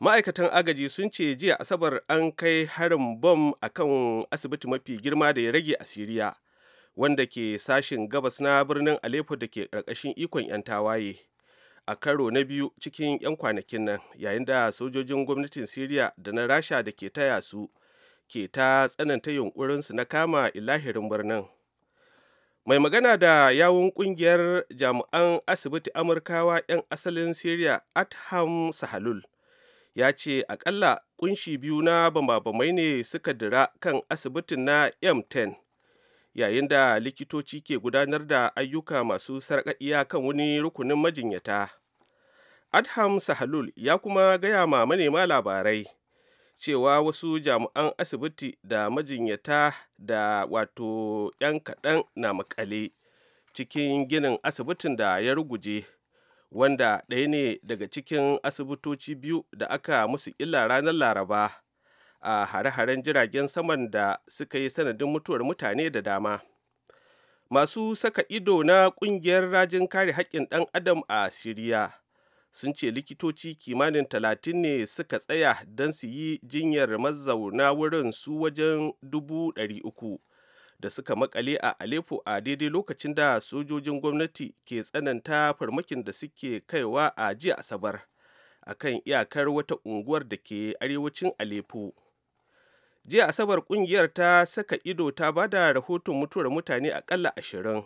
ma'aikatan agaji sun ce jiya asabar an kai harin bom a kan asibiti mafi girma da ya rage a siriya wanda ke sashin gabas na birnin aleppo da ke ƙarƙashin ikon 'yan tawaye a karo na biyu cikin 'yan kwanakin nan yayin da sojojin gwamnatin siriya da na rasha da ke taya su ke ta tsananta yunkurinsu na kama ilahirin birnin mai magana da yawun kungiyar jami'an asibiti amurkawa 'yan asalin siriya adham sahalul ya ce akalla kunshi biyu na bama-bamai ne suka dira kan asibitin na m10 yayin da likitoci ke gudanar da ayyuka masu sarƙaƙiya kan wani rukunin majinyata adham sahalul ya kuma gaya ma manema labarai cewa wasu jami'an asibiti da majinyata da wato 'yan kaɗan na makale cikin ginin asibitin da ya ruguje wanda ɗaya ne daga cikin asibitoci biyu da aka musu illa ranar laraba a hare-haren jiragen saman da suka yi sanadin mutuwar mutane da dama masu saka ido na ƙungiyar rajin kare haƙƙin ɗan adam a siriya sun ce likitoci kimanin talatin ne suka tsaya don su yi jinyar mazauna wurin su wajen dubu ɗari uku da suka makale a Aleppo a daidai lokacin da sojojin gwamnati ke tsananta farmakin da suke kaiwa a jiya Asabar a kan iyakar wata unguwar da ke arewacin Aleppo. Jiya Asabar kungiyar ta saka ido ta ba da rahoton mutuwar mutane akalla ashirin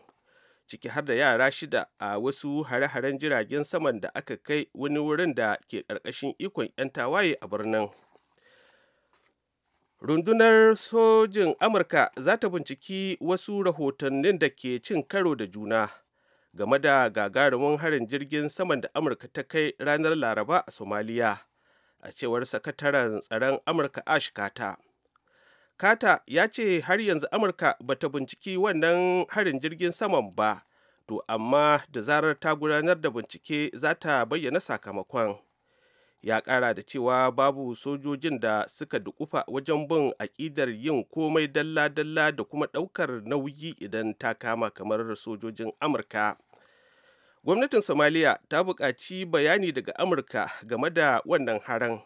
ciki har da yara shida a wasu hare-haren jiragen saman da aka kai wani wurin da ke ƙarƙashin ikon 'yan tawaye a birnin. rundunar sojin amurka za ta binciki wasu rahotannin da ke cin karo da juna game da gagarumin harin jirgin saman da amurka ta kai ranar laraba a somaliya a cewar sakataren tsaron amurka ash kata kata ya ce har yanzu amurka ba ta binciki wannan harin jirgin saman ba to amma da zarar ta gudanar da bincike za ta bayyana sakamakon ya kara da cewa babu sojojin da suka dukufa wajen bin aƙidar yin komai dalla-dalla da kuma ɗaukar nauyi idan ta kama kamar sojojin amurka gwamnatin somaliya ta buƙaci bayani daga amurka game da wannan haran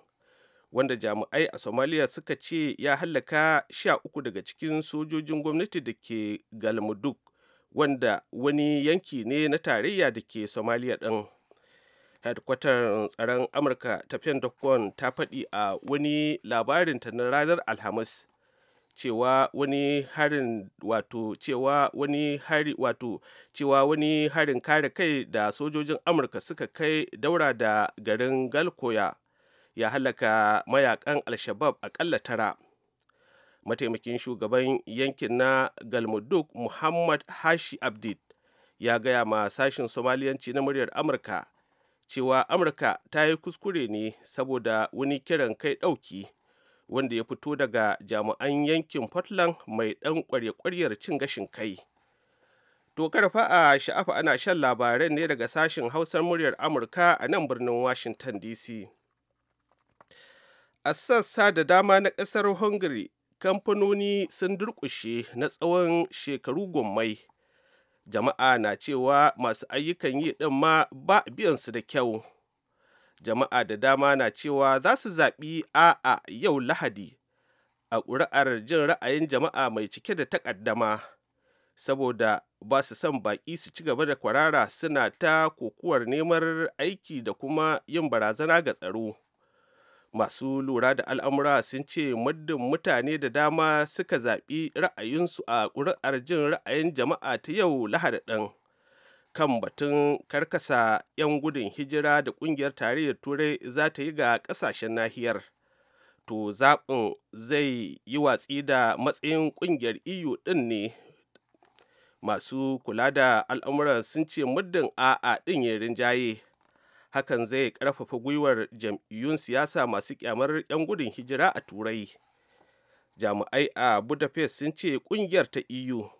wanda jami'ai a somaliya suka ce ya hallaka sha uku daga cikin sojojin gwamnati da ke galmudug wanda wani yanki ne na tarayya da ke somaliya ɗin. hedkwatar tsaron amurka tafiyan dokon ta faɗi a wani labarin ta na ranar alhamis cewa wani harin wato cewa wani hari wato cewa wani harin kare kai da sojojin amurka suka kai daura da garin galkoya ya halaka mayakan alshabab akalla tara mataimakin shugaban yankin na galmuduk muhammad hashi Abdi ya gaya ma sashin somaliyanci na muryar amurka cewa amurka ta yi kuskure ne saboda wani kiran kai ɗauki wanda ya fito daga jami'an yankin portland mai ɗan ƙwarya kwaryar cin gashin kai to karfa a sha'afa ana shan labaran ne daga sashen hausar muryar amurka a nan birnin washington dc a sassa da dama na ƙasar hungary kamfanoni sun durƙushe na tsawon shekaru gwammai jama'a na cewa masu ayyukan yi ɗin ma ba biyan su da kyau jama'a da dama na cewa za su zaɓi a'a yau lahadi a ƙuri'ar jin ra'ayin jama'a mai cike da takaddama saboda ba su son baƙi su ci gaba da kwarara suna ta kokuwar neman aiki da kuma yin barazana ga tsaro masu lura da al'amura sun ce muddin mutane da dama suka zaɓi ra'ayinsu a ƙuri'ar jin ra'ayin jama'a ta yau lahadi ɗin kan batun karkasa 'yan gudun hijira da ƙungiyar tarayyar turai za ta yi ga ƙasashen nahiyar to zaɓin zai yi watsi da matsayin ƙungiyar eu ɗin ne masu kula da al'amuran sun ce muddin a'a ɗin ya rinjaye hakan zai karfafa gwiwar jam'iyyun siyasa masu kyamar 'yan gudun hijira a turai jami'ai a budapest sun ce kungiyar ta eu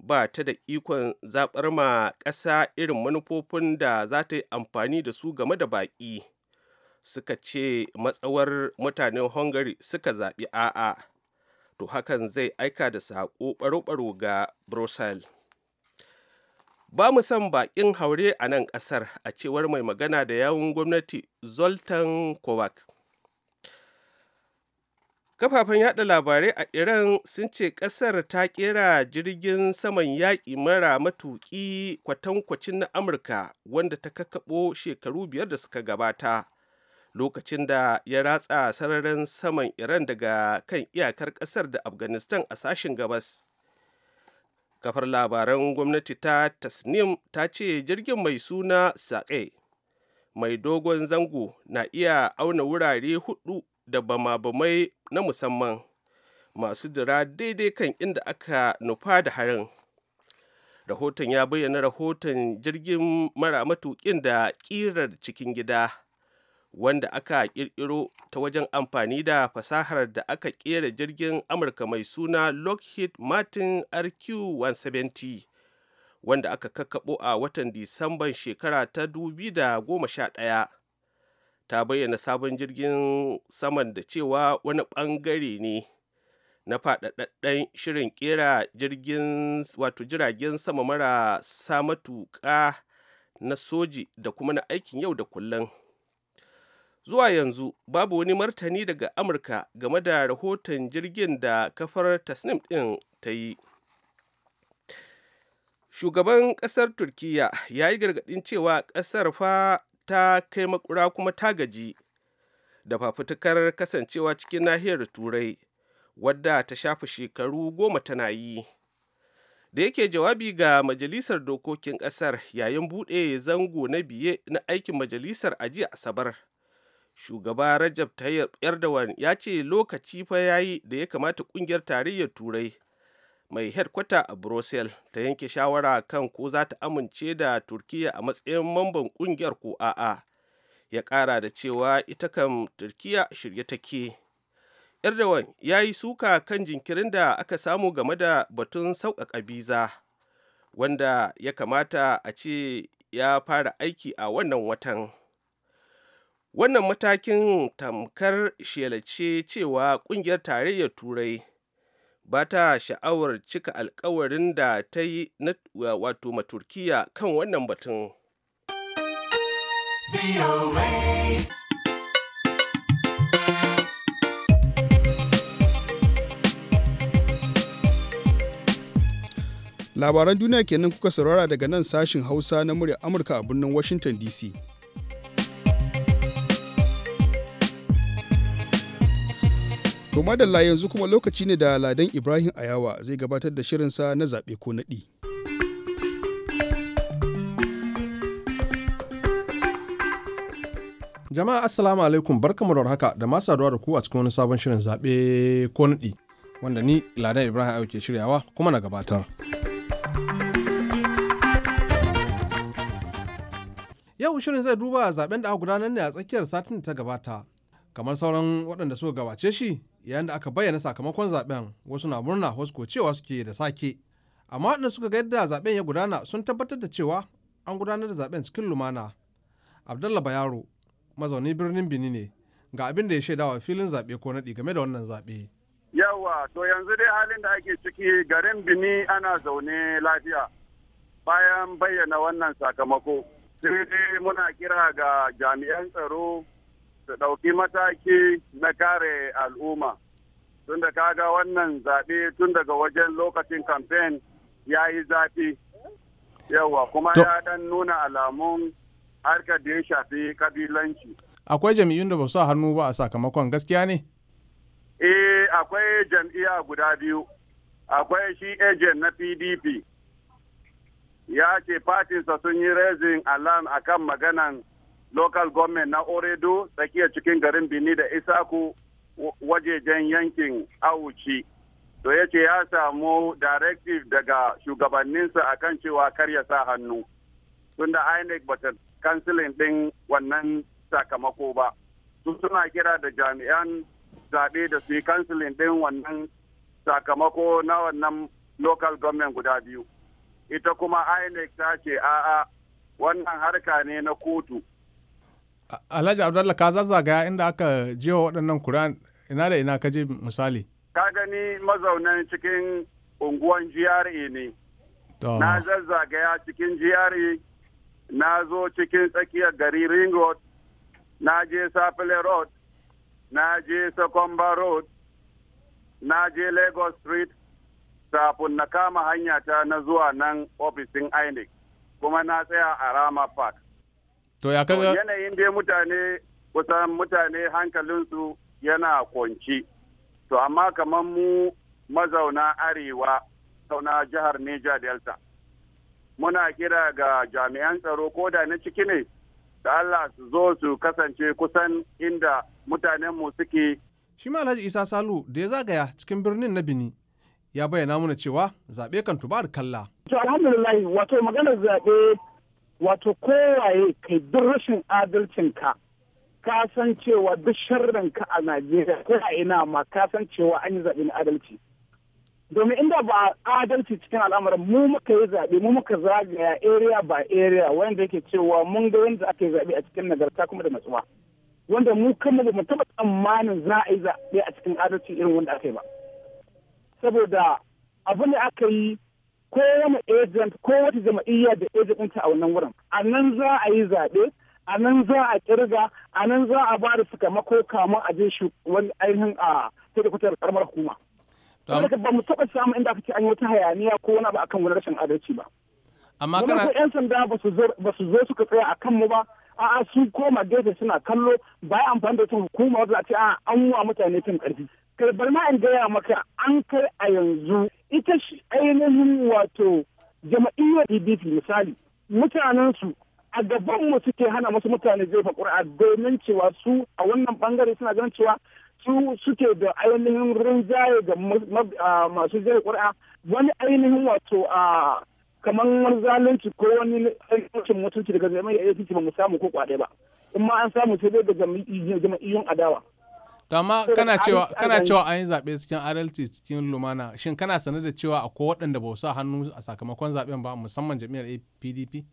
ba ta da ikon zaɓar ma ƙasa irin manufofin da za ta yi amfani da su game da baƙi suka ce matsawar mutanen hungary suka zaɓi a'a to hakan zai aika da saƙo ɓaro-ɓaro ga brussels ba mu son baƙin haure a nan kasar a cewar mai magana da yawun gwamnati zoltan kovac kafafen yada labarai a iran sun ce ƙasar ta kera jirgin saman yaƙi mara matuƙi kwatankwacin na amurka wanda ta kakaɓo shekaru biyar da suka gabata lokacin da ya ratsa sararin saman iran daga kan iyakar ƙasar da afghanistan a sashen gabas kafar labaran gwamnati ta tasnim ta ce jirgin mai suna saƙe mai dogon zango na iya auna wurare hudu da bama-bamai na musamman masu jira daidai kan inda aka nufa da harin rahoton ya bayyana rahoton jirgin mara matukin da ƙirar cikin gida wanda aka kirkiro ta wajen amfani da fasahar da aka kera jirgin amurka mai suna lockheed martin rq-170 wanda aka kakkaɓo a watan disamban shekara ta 2011 ta bayyana sabon jirgin saman da cewa wani ɓangare ne na faɗaɗɗen shirin kera jirgin wato jiragen sama marasa matuƙa na soji da kuma na aikin yau da kullum zuwa yanzu babu wani martani daga amurka game da rahoton jirgin da kafar tasnim ɗin ta yi shugaban ƙasar turkiya ya yi gargadin cewa ƙasar fa ta kai makura kuma ta gaji da fafutukar kasancewa cikin nahiyar turai wadda ta shafi shekaru goma tana yi da yake jawabi ga majalisar dokokin ƙasar yayin buɗe zango na biye na aikin majalisar a jiya asabar shugaba rajab tayyip erdogan ya ce lokaci fa yayi da ya kamata kungiyar tarayyar turai mai headquarter a brussels ta yanke shawara kan ko za ta amince da turkiya a matsayin mamban kungiyar ko a'a ya kara da cewa ita kam turkiya shirye take erdogan ya yi suka kan jinkirin da aka samu game da batun sauƙaƙa biza wanda ya kamata a ce ya fara aiki a wannan watan. wannan matakin tamkar shelace cewa kungiyar tarayyar turai ba ta sha'awar cika alkawarin da ta yi na wato maturkiya kan wannan batun labaran duniya kenan kuka saurara daga nan sashin hausa na murya amurka a birnin washington dc To madalla yanzu kuma lokaci ne da Ladan Ibrahim Ayawa zai gabatar da shirinsa na zabe ko naɗi. Jama'a Assalamu alaikum barkamu da haka da masu saduwa da ku a cikin wani sabon shirin zaɓe ko naɗi wanda ni Ladan Ibrahim Ayawa ke shiryawa kuma na gabatar. Yau shirin zai duba zaben da aka gudanar ne a tsakiyar satin da ta gabata. kamar sauran waɗanda suka gabace shi yayin da aka bayyana sakamakon zaben wasu na murna wasu ko cewa suke da sake amma waɗanda suka ga yadda zaben ya gudana sun tabbatar da cewa an gudanar da zaben cikin lumana abdallah bayaro mazauni birnin bini ne ga abin da ya shaida wa filin zaɓe ko naɗi game da wannan zaɓe. yawa to yanzu dai halin da ake ciki garin bini ana zaune lafiya bayan bayyana wannan sakamako sai dai muna kira ga jami'an tsaro su ɗauki mataki na kare al'umma tun da kaga wannan zaɓe tun daga wajen lokacin kamfen ya yi zafi yawa kuma ya ɗan nuna alamun harkar da ya shafi kabilanci. Akwai jam'iyyun da ba su hannu ba a sakamakon gaskiya ne? Eh akwai jam'iyya guda biyu. Akwai shi ejen na PDP. Ya ce fatinsa sun yi rezin alam akan maganan local government na oredo tsakiyar cikin garin bini da isaku wajejen yankin auci to ya ce ya samu directive daga shugabanninsa a kan cewa kar sa hannu tunda inec bata kansilin din wannan sakamako ba su suna kira da jami'an zaɓe da su yi kansilin din wannan sakamako na wannan local government guda biyu ita kuma inec ta ce a'a wannan harka ne na kotu Alhaji abdullahi ka zazzagaya inda aka jewa waɗannan Kur'an ina da ina ka je misali. Ka gani mazaunan cikin unguwan GRA ne. Na zazzagaya cikin GRA na zo cikin tsakiyar gari Ring Road, na je Safile Road, na je Sakomba Road, na je Lagos Street, safin na kama hanyata na zuwa nan ofisin INEC, kuma na tsaya a Rama Park. To ya kaga yanayin dai mutane kusan mutane hankalinsu yana kwanci. To amma kamar mu mazauna arewa sauna jihar Neja Delta. Muna kira ga jami'an tsaro ko da na ciki ne da Allah su zo su kasance kusan inda mutanenmu suke. Shi ma Alhaji Isa Salu da ya zagaya cikin birnin na Bini ya bayyana mana cewa zaɓe kan tuba da kalla. To alhamdulillah wato maganar zaɓe wato kowaye kai duk rashin adalcin ka san cewa duk ka a najeriya ko a ina ma ka san cewa an yi zaɓe na adalci domin inda ba adalci cikin al'amuran mu muka yi zaɓe mu muka zagaya area by area wanda yake cewa mun ga wanda aka yi zaɓe a cikin nagarta kuma da natsuwa wanda mu kanmu ba mu taɓa tsammanin za a yi zaɓe a cikin adalci irin wanda aka yi ba saboda abin da aka yi ko wani agent ko wata jama'iyya da agent ɗinta a wannan wurin a nan za a yi zaɓe a nan za a kirga a nan za a ba da sakamako kama a je shi wani ainihin a kutar karamar hukuma. ba mu taɓa samun inda aka an yi wata hayaniya ko wani abu akan wani rashin adalci ba. amma kana ko yan sanda ba su zo suka tsaya a kanmu ba a'a sun koma gefe suna kallo ba amfani da wata hukuma za a ce a an wa mutane cin karfi karbar ma in gaya maka an kai a yanzu ita shi ainihin wato jama'iyyar DDP misali mutanen su a gaban mu suke hana wasu mutane jefa ƙuri'a domin cewa su a wannan bangare suna ganin cewa su suke da ainihin rinjaye ga masu jefa ƙuri'a wani ainihin wato a kamar zalunci ko wani rashin mutunci daga jami'ar APC ba mu samu ko kwaɗe ba in ma an samu sai dai da jama'iyyun adawa to amma kana cewa kana cewa an yi zaɓe cikin adalci cikin lumana shin kana sanar da cewa akwai waɗanda ba su hannu a sakamakon zaɓen ba musamman jami'ar PDP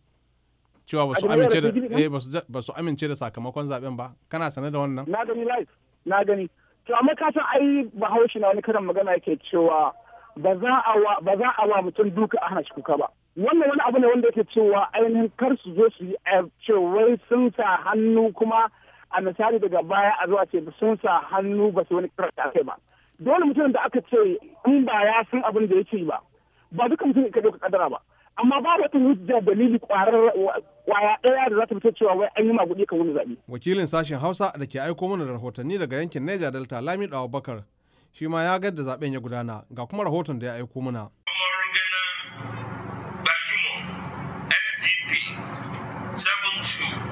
cewa ba su amince da eh, ba su amince da sakamakon zaɓen ba kana sanar da wannan na gani live na gani to amma ka san ai bahaushe na wani karin magana yake cewa ba za a wa ba za a wa mutum duka a hana shi kuka ba wannan wani abu ne wanda yake cewa ainihin kar su zo su yi eh, cewa sun sa hannu kuma a misali daga baya a zuwa ce sun sa hannu ba su wani karanta kai ba dole mutum da aka ce in ba ya san abin da yake ba ba duka mutum ka ka kadara ba amma ba wata hujja dalili kwarar kwaya ɗaya da za ta fito cewa wai an yi maguɗi kan wani zaɓe. wakilin sashen hausa da ke aiko mana da rahotanni daga yankin niger delta lamido abubakar shi ma ya gadda zaben ya gudana ga kuma rahoton da ya aiko mana.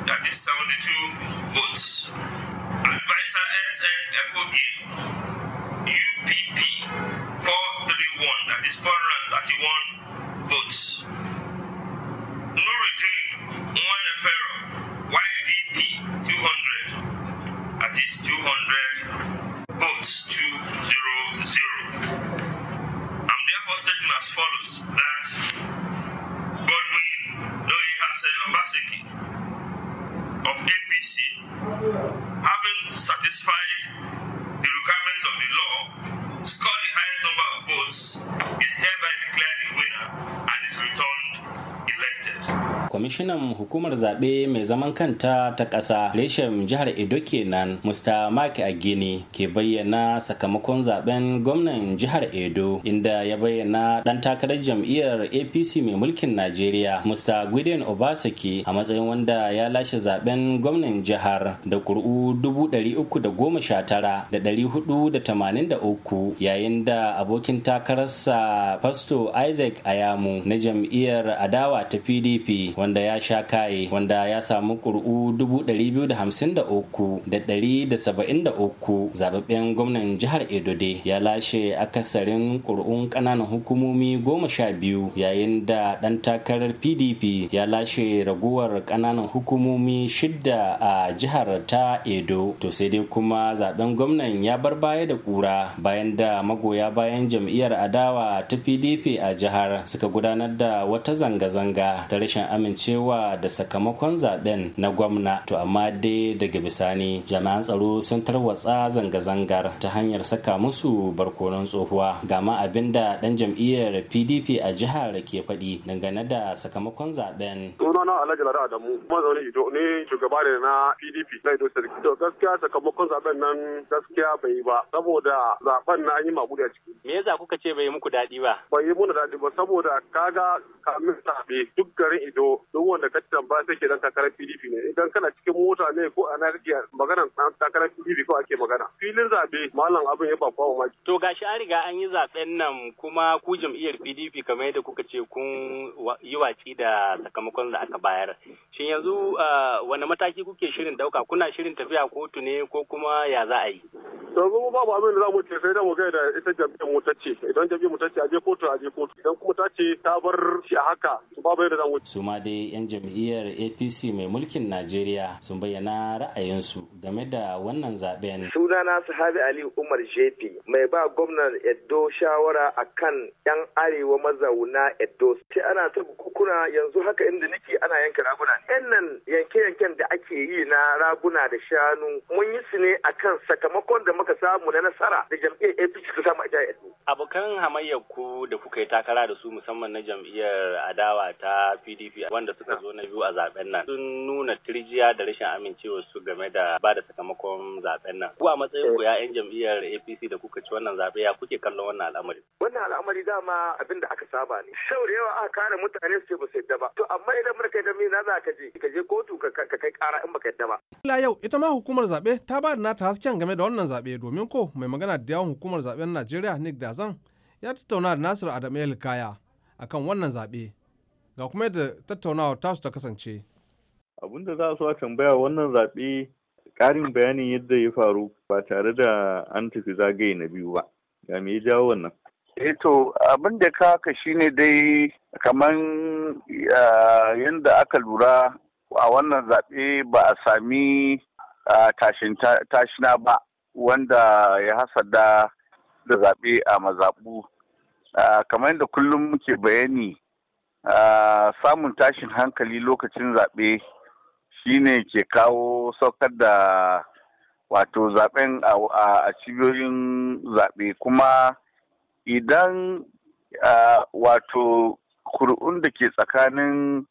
that is 72 votes. Advisor SNFOA UPP 431, that is 431 votes. kwamishinan hukumar zaɓe mai zaman kanta ta ƙasa reshen jihar edo kenan musta maki gini, ke bayyana sakamakon zaben gwamnan jihar edo inda ya bayyana ɗan takarar jam'iyyar apc mai mulkin najeriya musta gwiden obasaki a matsayin wanda ya lashe zaben gwamnan jihar da da da goma sha tara hudu da uku, yayin da abokin takararsa fasto isaac ayamu na jam'iyyar adawa ta pdp wanda ya ya sha kaye wanda ya samu ƙuri'u 253,173 zababben gwamnan jihar Edo dai ya lashe akasarin kur'un ƙananan hukumomi goma sha biyu yayin da ɗan takarar PDP ya lashe raguwar ƙananan hukumomi shidda a jihar ta Edo to sai dai kuma zaben gwamnan ya bar baya da kura bayan da magoya bayan jam'iyyar adawa ta PDP a jihar suka gudanar da wata zanga-zanga ta rashin amincewa amincewa da sakamakon zaben na gwamna to amma dai daga bisani jami'an tsaro sun tarwatsa zanga-zangar ta hanyar saka musu barkonon tsohuwa gama abin da dan jam'iyyar pdp a jihar ke faɗi dangane da sakamakon zaben sunana alhaji lada adamu Kuma zaune ido ne shugaba ne na pdp na ido sarki to gaskiya sakamakon zaben nan gaskiya bai yi ba saboda zaben na an yi magudu a ciki me yasa kuka ce bai yi muku daɗi ba bai yi muna daɗi ba saboda kaga kamin zaɓe duk garin ido don wanda ka tambaya sai ke dan takarar PDP ne idan kana cikin mota ne ko ana kake magana dan takarar PDP ko ake magana filin zabe mallam abin ya ba kowa mamaki to gashi an riga an yi zaben nan kuma ku jam'iyyar PDP kamar yadda kuka ce kun yi watsi da sakamakon da aka bayar shin yanzu uh, wani mataki kuke shirin dauka kuna shirin tafiya kotu ne ko kuma ya za a yi yanzu babu abin da za mu ce sai da mu ga da ita jami'in mota ce idan jami'in mu a aje kotu aje kotu idan kuma ce ta bar shi a haka babu yadda zamu mu su ma dai 'yan jam'iyyar apc mai mulkin najeriya sun bayyana ra'ayinsu game da wannan zaben sunana sahabi ali umar jefi mai ba gwamnan edo shawara a kan 'yan arewa mazauna edo sai ana ta kukuna yanzu haka inda nake ana yanka raguna yan nan yanke-yanken da ake yi na raguna da shanu mun yi su ne a kan sakamakon da muka samu na nasara da jam'iyyar apc ta samu a jihar abokan hamayyar ku da kuka yi takara da su musamman na jam'iyyar adawa ta pdp wanda suka zo na biyu a zaben nan sun nuna tirjiya da rashin amincewar su game da ba da sakamakon zaben nan ku a matsayin ku ya'yan jam'iyyar apc da kuka ci wannan zabe ya kuke kallon wannan al'amari wannan al'amari dama abinda aka saba ne sau da yawa aka kare mutane su ce ba su yadda ba to amma idan muka yi da na za ka je ka je kotu kai kara in baka yadda ba. Ila yau ita ma hukumar zaɓe ta ba da nata hasken game da wannan zaɓe domin ko mai magana da yawon hukumar zaɓen Najeriya Nick Dazan ya tattauna da Nasiru Adam Kaya akan wannan zaɓe. Ga kuma yadda tattaunawa tasu ta kasance. Abin da za su a tambaya wannan zaɓe ƙarin bayanin yadda ya faru ba tare da an tafi zagaye na biyu ba. Ya me ya jawo wannan? Eh to abin da ka haka shine dai kaman yadda aka lura a wannan zaɓe ba a sami tashina ba wanda ya hasada da zaɓe a mazaɓu kamar da kullum muke bayani samun tashin hankali lokacin zaɓe shine ke kawo saukar da wato zaɓen a cibiyoyin zaɓe kuma idan wato kuri'un da ke tsakanin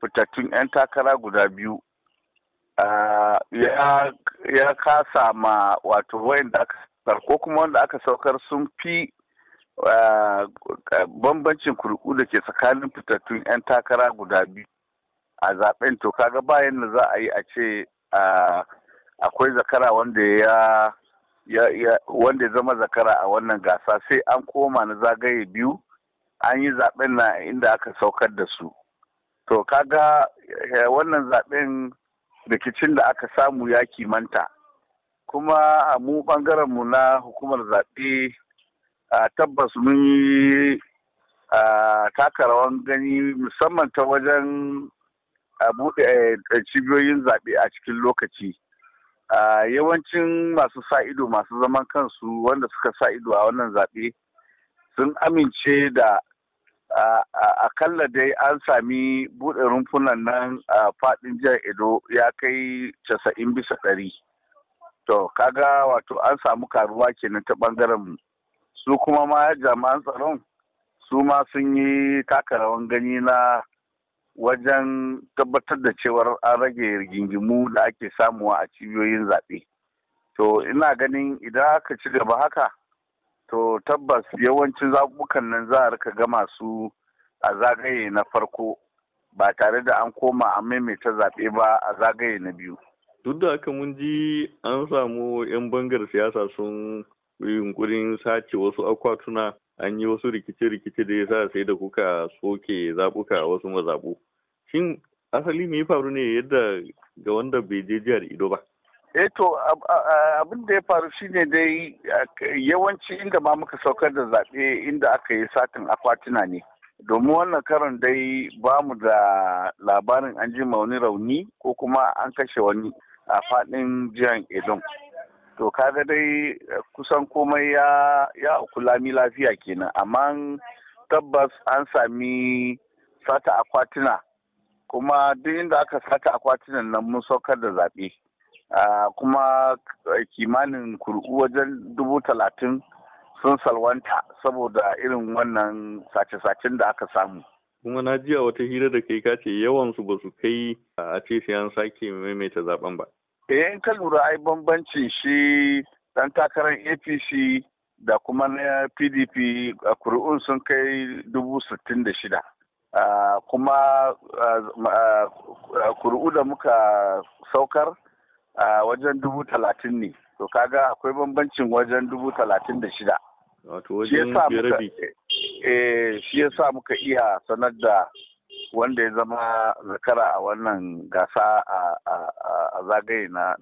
fitattun 'yan takara guda biyu ya kasa ma wato wayan da aka saukar ko kuma wanda aka saukar sun fi bambancin kurku da ke tsakanin fitattun 'yan takara guda biyu a zaben to kaga bayan da za a yi a ce akwai zakara wanda ya wanda ya zama zakara a wannan gasa sai an koma na zagaye biyu an yi zaben na inda aka saukar da su to kaga eh, wannan zaɓen rikicin da aka samu ya kimanta kuma a mu ɓangaren mu na hukumar zaɓe tabbas mun yi taka rawan gani musamman ta wajen buɗe eh, cibiyoyin zaɓe a cikin lokaci yawancin masu sa ido masu zaman kansu wanda suka sa ido a wannan zaɓe sun amince da A kalla dai an sami buɗe rumfunan nan a faɗin jihar edo ya kai casa'in bisa ɗari to kaga wato an samu karuwa kenan ta ɓangaren mu, su kuma ma jami'an tsaron su ma sun yi takarawan gani na wajen tabbatar da cewar an rage rigingimu da ake samuwa a cibiyoyin zaɓe to ina ganin idan aka ci gaba haka to tabbas yawancin zabukan nan za a rika gama su a zagaye na farko ba tare da an koma a maimaita zaɓe ba a zagaye na biyu. Duk da haka mun ji an samu 'yan bangar siyasa sun yunkurin sace wasu akwatuna an yi wasu rikice-rikice da ya sa sai da kuka soke zaɓuka wasu mazaɓu. Shin asali me faru ne yadda ga wanda bai je jihar Ido ba? Eto eh, abin da ya faru shine dai yawanci inda ma muka saukar da zaɓe inda aka yi satin akwatuna ne. Domin wannan karin dai ba mu da labarin an ji wani rauni ko kuma an kashe wani a faɗin jihar Edom. To kaga dai kusan komai ya kulami lafiya kenan amma tabbas an sami sata akwatuna kuma duk inda aka sata akwatunan nan mun saukar da zaɓe. Ah, kuma eh, kimanin kurku wajen dubu talatin sun salwanta saboda irin wannan sace-sacen da aka samu. kuma na jiya wata hira da kai kace yawan su ba su kai ah, a ce sai an sake maimaita zaben ba. Eh ka lura ai bambancin shi dan takarar APC da kuma na PDP a ah, kuri'un sun kai dubu sittin da shida. kuma kuri'u da muka saukar A wajen dubu talatin ne to kaga akwai bambancin wajen dubu talatin da shida shi ya sa eh, muka iya sanar da wanda ya zama zakara a wannan gasa a zagaye na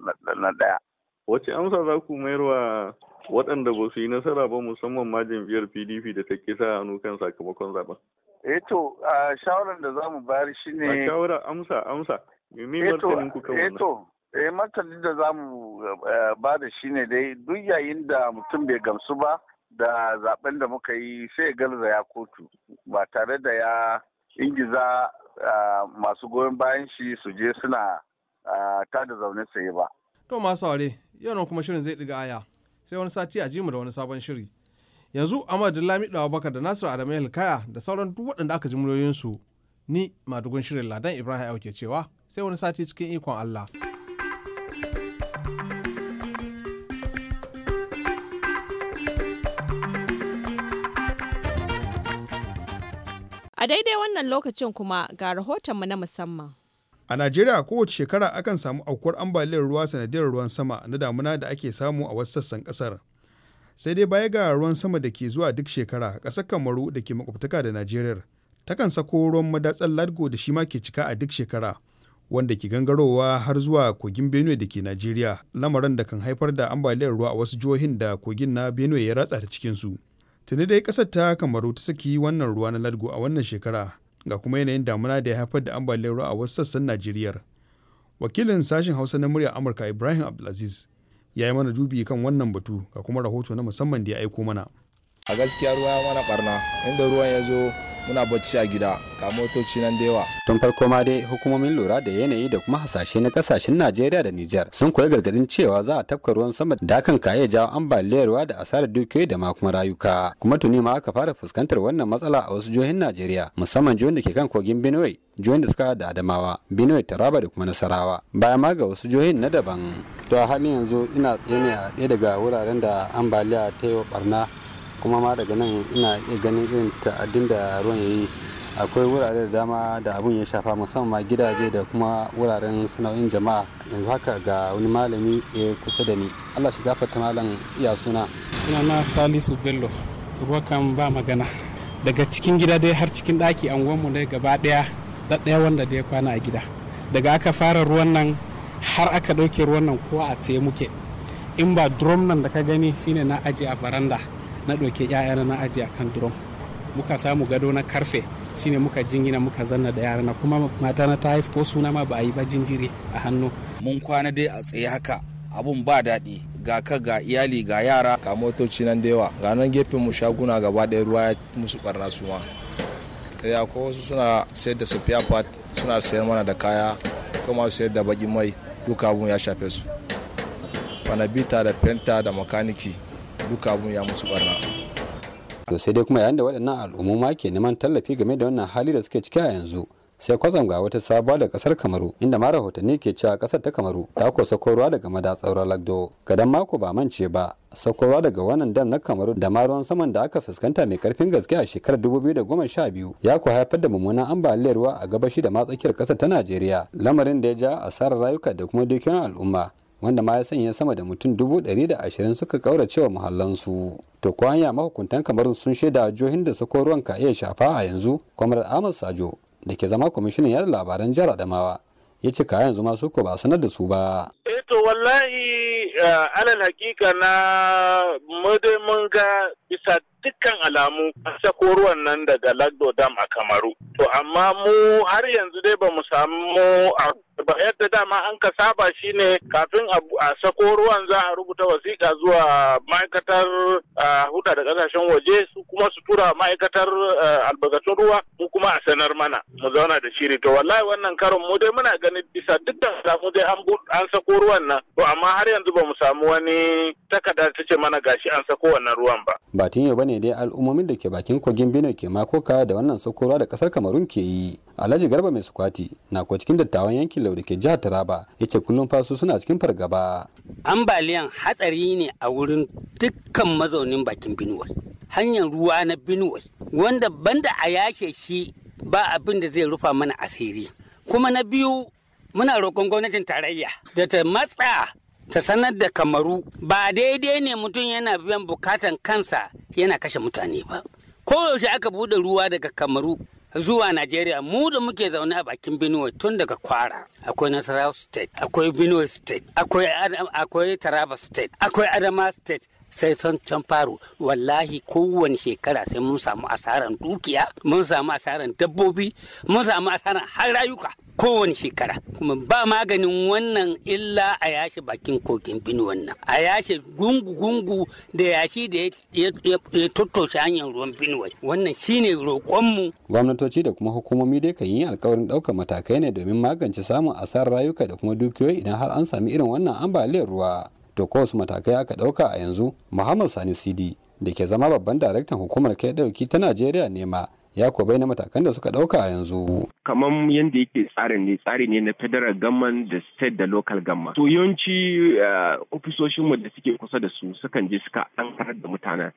daya wace amsa za ku mayarwa waɗanda ba su yi nasara ba musamman ma jam'iyyar pdp da ta sa hannu kan sakamakon zaɓa E, eh to shawarar da za mu bayar shine shawarar amsa amsa ne eh martanin ku kan wannan eh martani da za mu eh, ba da shi ne dai duk yayin da mutum bai gamsu ba da zaben da muka yi sai galza ya kotu ba tare da ya ingiza eh, masu goyon bayan shi su je suna eh, ta da zaune sai ba. To masu aure yau kuma shirin zai ɗiga aya sai wani sati a mu da wani sabon shiri. Yanzu Ahmad Lamidu Abubakar da Nasiru Adamu Alkaya da sauran duk waɗanda aka ji muryoyinsu ni madugun shirin Ladan Ibrahim Auke cewa sai wani sati cikin ikon Allah. A daidai wannan lokacin kuma ga rahotonmu na musamman. A Najeriya kowace shekara akan samu aukuwar ambaliyar ruwa sanadiyar ruwan sama na damuna da ake samu a wasu sassan kasar. Sai dai baya ga ruwan sama da ke zuwa duk shekara ƙasar Kamaru da ke makwabtaka da Najeriya takan sako ruwan madatsar Ladgo da shi ma ke cika a duk shekara wanda ke gangarowa har zuwa kogin Benue da ke Najeriya lamarin da kan haifar da ambaliyar ruwa a wasu jihohin da kogin na Benue ya ratsa ta cikin su. tuni dai kasar ta kamaru ta saki wannan ruwa na ladgo a wannan shekara ga kuma yanayin damuna da ya haifar da ambaliyar ruwa a wasu sassan najeriya wakilin sashen hausa na murya amurka ibrahim abdulaziz ya yi mana dubi kan wannan batu ga kuma rahoto na musamman da ya aiko mana a gaskiya ruwa mana barna inda ruwan ya zo muna bacci a gida ga motoci nan da yawa. Tun farko ma dai hukumomin lura da yanayi da kuma hasashe na kasashen Najeriya da Nijar sun koyi gargadin cewa za a tafka ruwan sama da hakan ka iya jawo ambaliyarwa da asarar dukiyoyi da ma kuma rayuka. Kuma tuni ma aka fara fuskantar wannan matsala a wasu jihohin Najeriya musamman jihohin da ke kan kogin Benue, jihohin da suka da Adamawa, Benue, Taraba da kuma Nasarawa. Baya ma ga wasu jihohin na daban. To a halin yanzu ina tsaye ne a ɗaya daga wuraren da ambaliya ta yi wa barna kuma ma daga nan ina iya ganin irin ta'adin da ruwan ya yi akwai wurare da dama da abun ya shafa musamman ma gidaje da kuma wuraren sana'o'in jama'a yanzu haka ga wani malami tsaye kusa da ni allah shi gafarta malam iya suna na salisu bello abokan ba magana daga cikin gida dai har cikin ɗaki anguwanmu dai gaba ɗaya ɗaya wanda da ya kwana a gida daga aka fara ruwan nan har aka ɗauke ruwan nan kowa a tsaye muke in ba drum nan da ka gani shine na ajiye a baranda na ɗauke 'ya'yana na aji a kan drum muka samu gado na karfe shine muka jingina muka zanna da yarana kuma mata na ta haifi ko suna ma ba a yi ba jinjiri a hannu mun kwana dai a tsaye haka abun ba daɗi ga ka ga iyali ga yara ga motoci nan da yawa ga nan gefen mu shaguna gaba ɗaya ruwa ya musu barna su ma ya eh, ko wasu suna sayar da su fiyafat suna sayar mana da kaya kuma su sayar da baƙin mai duka abun ya shafe su fanabita da fenta da makaniki duka abun ya musu barna to sai dai kuma yayin da waɗannan al'umma ke neman tallafi game da wannan hali da suke ciki a yanzu sai kwatsam ga wata sabuwa da kasar kamaru inda ma rahotanni ke cewa kasar ta kamaru ta ko ruwa daga madatsaurar lagdo kadan mako ba mance ba sako daga wannan dam na kamaru da ma ruwan saman da aka fuskanta mai karfin gaske a shekarar 2012 ya ku haifar da mummunan ambaliyar ruwa a gabashi da ma tsakiyar kasar ta najeriya lamarin da ya ja asarar rayuka da kuma dukiyar al'umma wanda ma ya sanya sama da mutum dubu ɗari da ashirin suka ƙaura wa muhallansu to ko hanya mahukuntan kamar sun shaida jihohin da sako ruwan ka iya shafa a yanzu kwamar ahmad sajo da ke zama kwamishinan yada labaran jihar adamawa ya ce ka yanzu masu ko ba sanar da su ba. eh to wallahi eh, alal hakika na dai mun ga bisa dukkan alamu sako ruwan nan daga lagdo dam a kamaru to amma mu har yanzu dai ba mu samu ba yadda dama an ka saba shi ne kafin a sako ruwan za a rubuta wasiƙa zuwa ma'aikatar huda da ƙasashen waje su kuma su tura ma'aikatar albarkatun ruwa mu kuma a sanar mana mu zauna da shiri to wallahi wannan karin mu dai muna ganin bisa duk da samu dai an sako ruwan nan to amma har yanzu ba mu samu wani takarda ta ce mana gashi an sako wannan ruwan ba. Ba tinyo bane dai al'ummomin da ke bakin kogin Benue ke makoka da wannan sako ruwa da ƙasar Kamarun ke yi. alhaji garba mai sukwati na kuwa cikin dattawan yankin lau ke jihar taraba ya ce kullum fasu suna cikin fargaba ambaliyan hatsari ne a wurin dukkan mazaunin bakin binuwai hanyar ruwa na binuwai wanda banda a yashe shi ba abin da zai rufa mana asiri kuma na biyu muna roƙon gwamnatin tarayya da ta matsa ta sanar da kamaru ba daidai ne mutum yana biyan bukatan kansa yana kashe mutane ba koyaushe aka buɗe ruwa daga kamaru zuwa Najeriya mu da muke zaune a bakin Benue tun daga Kwara akwai Nasarawa State akwai Benue State akwai akwai Taraba State akwai Adama State sai son can wallahi kowane shekara sai mun samu asaran dukiya mun samu asaran dabbobi mun samu asaran har rayuka kowane shekara kuma ba maganin wannan illa a yashi bakin kogin bin wannan a yashi gungu-gungu da yashi da ya tattoshe hanyar ruwan binuwai wannan shine roƙonmu gwamnatoci da kuma hukumomi dai kan yi alkawarin ɗaukar matakai ne domin magance samun asarar rayuka da kuma dukiyoyi idan har an sami irin wannan ambaliyar ruwa to ko wasu matakai aka ɗauka a yanzu muhammad sani sidi da ke zama babban daraktan hukumar kai ɗauki ta najeriya nema ya ko na matakan da suka ɗauka yanzu. Kamar yadda yake tsarin ne tsari ne na federal government da state da local government. To yawanci eh, ofisoshinmu da suke kusa da su sukan je suka ɗan da mutanen.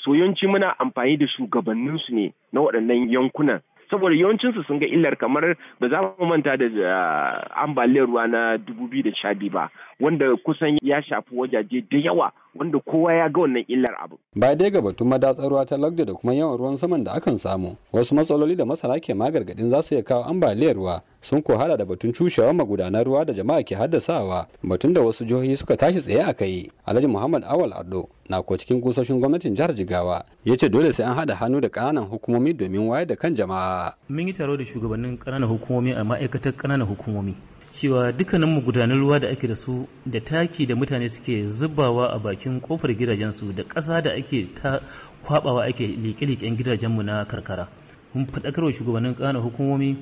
So yawanci muna amfani da shugabannin su ne na waɗannan yankunan saboda yawancinsu sun ga illar kamar ba za mu manta da eh, ambaliyar ruwa na 2012 ba wanda kusan ya shafi wajaje da yawa wanda kowa ya ga wannan illar abu. Ba dai ga batun madatsar ta lagda da kuma yawan ruwan saman da akan samu wasu matsaloli da masana ke magargadin za su iya kawo ambaliyar ruwa sun ko hada da batun cushewa magudanar ruwa da jama'a ke haddasawa batun da wasu jihohi suka tashi tsaye a kai alhaji muhammad awal addo na ko cikin kusoshin gwamnatin jihar jigawa ya ce dole sai an hada hannu da ƙananan hukumomi domin wayar da kan jama'a mun yi taro da shugabannin ƙananan hukumomi a ma'aikatar ƙananan hukumomi cewa dukkanin magudanan ruwa da ake da su da taki da mutane suke zubawa a bakin kofar gidajensu da ƙasa da ake ta kwabawa ake liƙe-liƙen gidajenmu na karkara mun faɗakarwa shugabannin ƙana hukumomi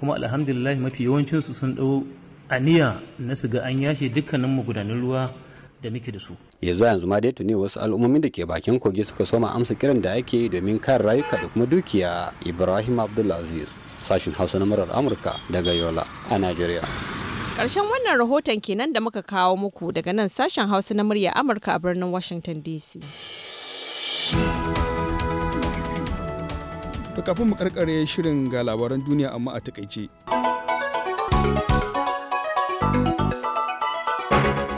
kuma alhamdulillah mafi yawancinsu sun ɗau aniya na su ga an yashe dukkanin magudanan ruwa da muke da su. ya yanzu ma dai tuni wasu al'ummomin da ke bakin kogi suka soma amsa kiran da ake yi domin kan rayuka da kuma dukiya ibrahim abdulaziz sashin hausa na murar amurka daga yola a nigeria. karshen wannan rahoton kenan da muka kawo muku daga nan sashen Hausa na murya Amurka a birnin Washington DC. To kafin mu karkare shirin ga labaran duniya amma a takaice.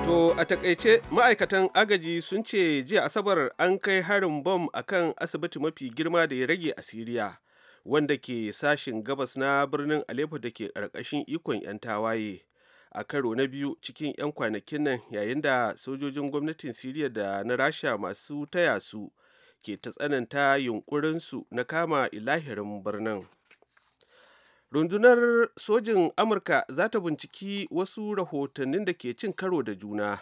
To a takaice ma'aikatan agaji sun ce jiya asabar an kai harin bom akan asibiti mafi girma da ya rage a Siriya. wanda ke sashin gabas na birnin Aleppo da ke ƙarƙashin ikon 'yan tawaye. a karo na biyu cikin 'yan kwanakin nan yayin da sojojin gwamnatin siriya da na rasha masu taya su ke ta tsananta yunkurinsu na kama ilahirin birnin rundunar sojin amurka za ta binciki wasu rahotannin da ke cin karo da juna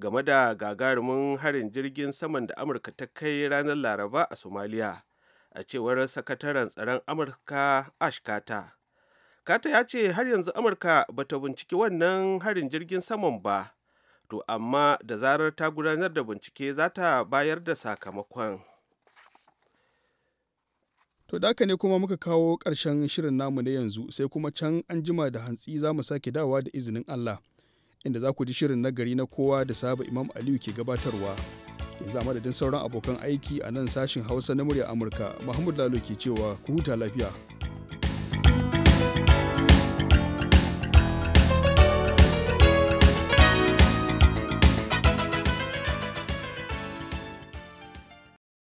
game da gagarumin harin jirgin saman da amurka ta kai ranar laraba a somaliya a cewar sakataren tsaron amurka ashkata kata ya ce har yanzu Amurka ba ta binciki wannan harin jirgin saman ba, to amma da zarar ta gudanar da bincike za ta bayar da sakamakon. To daka ne kuma muka kawo ƙarshen shirin namu na yanzu sai kuma can an jima da hantsi za mu sake dawa da izinin Allah inda za ku ji shirin nagari na kowa da saba Imam Aliyu ke gabatarwa. Yanzu a madadin sauran abokan aiki a nan sashin Hausa na murya Amurka, mahmud Lalo ke cewa ku huta lafiya.